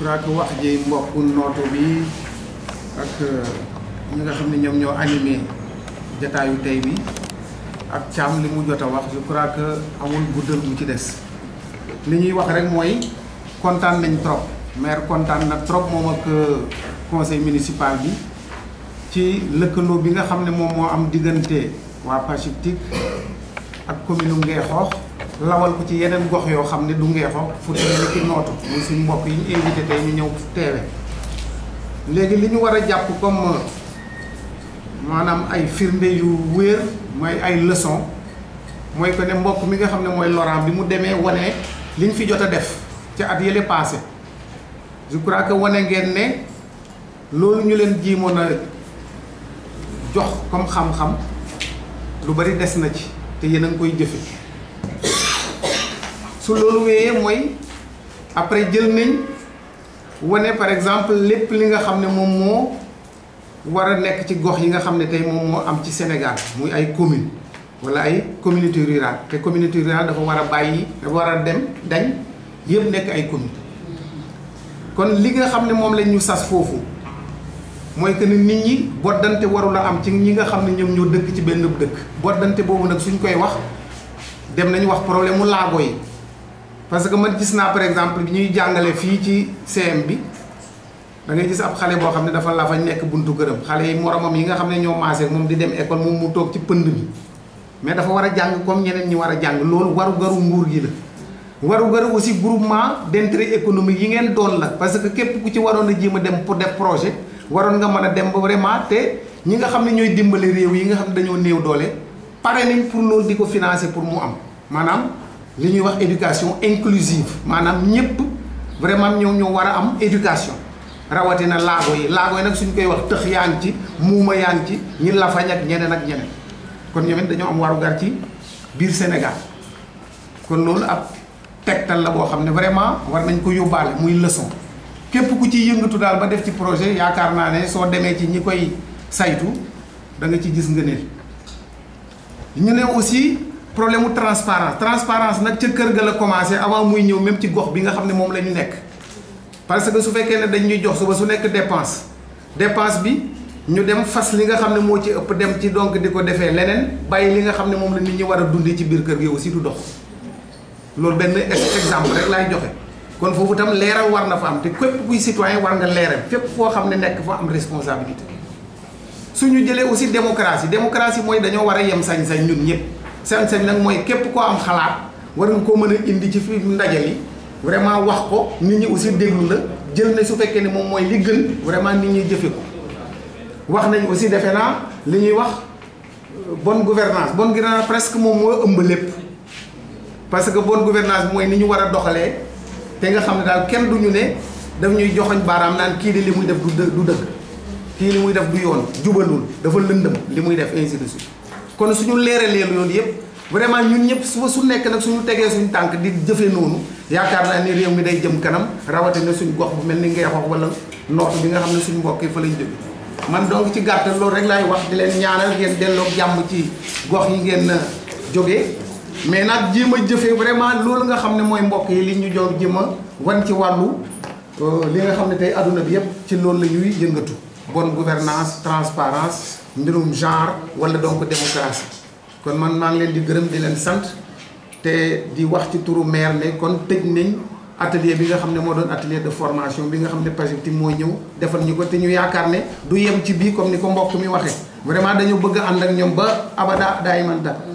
crois wax ji mbokk nooto bi ak euh, ñi nga xam ne ñoom ñoo animé jataayu tey bi ak caam li mu jot a wax je crois que amul guddal bu ci des li ñuy wax rek mooy kontaan nañ trop maire kontaan na trop moom ak euh, conseil municipal bi ci lëkkaloo bi nga xam ne moom moo am diggante waa Pachiptik ak commune Ngexoox lawal ko ci yeneen gox yoo xam ne du ngee fu demee ni ki nootu muy suñu mbokk yi ñu invité tey ñu ñëw teewe léegi li ñu war a jàpp comme maanaam ay firnde yu wéer mooy ay leçon mooy que ne mbokk mi nga xam ne mooy Laurent bi mu demee wane liñ fi jot a def ci at yële passé je crois que wane ngeen ne loolu ñu leen jiimoon a jox comme xam-xam lu bari des na ci te yéen koy jëfe su loolu wéyee mooy après jël nañ wane par exemple lépp li nga xam ne moom moo war a nekk ci gox yi nga xam ne tey moom moo am ci Sénégal muy ay commune wala ay communauté rurale te communauté rurale dafa war a bàyyi dafa war a dem dañ yëpp nekk ay commune kon li nga xam ne moom lañ ñu sas foofu mooy que ni nit ñi boddante warul a am ci ñi nga xam ne ñoom ñoo dëkk ci benn dëkk boddante boobu nag suñ koy wax dem nañ wax problème mu laago yi parce que man gis naa par exemple bi ñuy jàngale fii ci CM bi da ngay gis ab xale boo xam ne dafa la fañ nekk buntu këram xale yi moromam yi nga xam ne ñoo maase moom di dem école moom mu toog ci pënd bi mais dafa a jàng comme ñeneen ñi war a jàng loolu waru garu nguur gi la waru garu aussi groupement d'intérêt économique yi ngeen doon la parce que képp ku ci waroon a jéem a dem pour def projet waroon nga mën a dem ba vraiment te ñi nga xam ne ñooy dimbali réew yi nga xam ne dañoo néew doole pare nañ pour loolu di ko financé pour mu am maanaam li ñuy wax éducation inclusive maanaam ñëpp vraiment ñëw ñoo war a am éducation rawatina laago yi laago yi nag suñ koy wax tëx yaa ngi ci muuma yaa ngi ci ñi lafañ ak ñeneen ak ñeneen kon ñoom dañoo am warugar ci biir Sénégal kon loolu ab tegtal la boo xam ne vraiment war nañ ko yóbbaale muy leçon képp ku ci yëngatu daal ba def ci projet yaakaar naa ne soo demee ci ñi koy saytu danga ci gis nga ne ñu ne aussi problème mu transparence transparence nag ca kër ga la commencé avant muy ñëw même ci gox bi nga xam ne moom la ñu nekk parce que su fekkee ne dañ ñuy jox suba su nekk dépense dépense bi ñu dem fas li nga xam ne moo ci ëpp dem ci donc di ko defee leneen bàyyi li nga xam ne moom la nit ñi war a dundee ci biir kër gi aussi du dox loolu benn exemple rek laay joxe kon foofu tam leeral war na fa am te képp kuy citoyen war nga leeral fépp foo xam ne nekk fa am responsabilité suñu jëlee aussi démocratie démocratie mooy dañoo war a yem sañ-sañ ñun ñëpp. sañ-sañ nag mooy képp koo am xalaat war nga koo mën a indi ci fi ndaje li vraiment wax ko nit ñi aussi déglu la jël na su fekkee ne moom mooy li gën vraiment nit ñi jëfe ko wax nañ aussi defe naa li ñuy wax euh, bon gouvernance bon gouvernance presque moom moo ëmb lépp parce que bon gouvernance mooy ni ñu war a doxalee te nga xam ne daal kenn du ñu ne daf ñuy joxoñ baaraam naan kii di li muy def du dëgg kii li muy def du yoon jubalul dafa lëndëm li muy def ainsi de kon suñu leen loolu yëpp vraiment ñun ñëpp suba su nekk nag suñu tegee suñu tànk di jëfee noonu yaakaar naa ni réew mi day jëm kanam rawatina suñu gox bu mel ni Ngeexoox wala nootu bi nga xam ne suñu mbokk yi fa lañ jóge man donc ci gàttal loolu rek laay wax di leen ñaanal ngeen delloo jàmm ci gox yi ngeen euh, jógee mais nag jéem a jëfee vraiment loolu nga xam ne mooy mbokk yi li ñu jox jéem a wan ci wàllu euh, li nga xam ne tey adduna bi yëpp ci loolu la ñuy yëngatu. bonne gouvernance transparence mbirum genre wala donc démocratie kon man maa ngi leen di gërëm di leen sant te di wax ci turu maire ne kon tëj nañ atelier bi nga xam ne moo doon atelier de formation bi nga xam ne Pagectim mooy ñëw defal ñu ko te ñu yaakaar ne du yem ci bii comme ni ko mbokk mi waxee vraiment dañu bëgg a ànd ak ñoom ba abada daay manta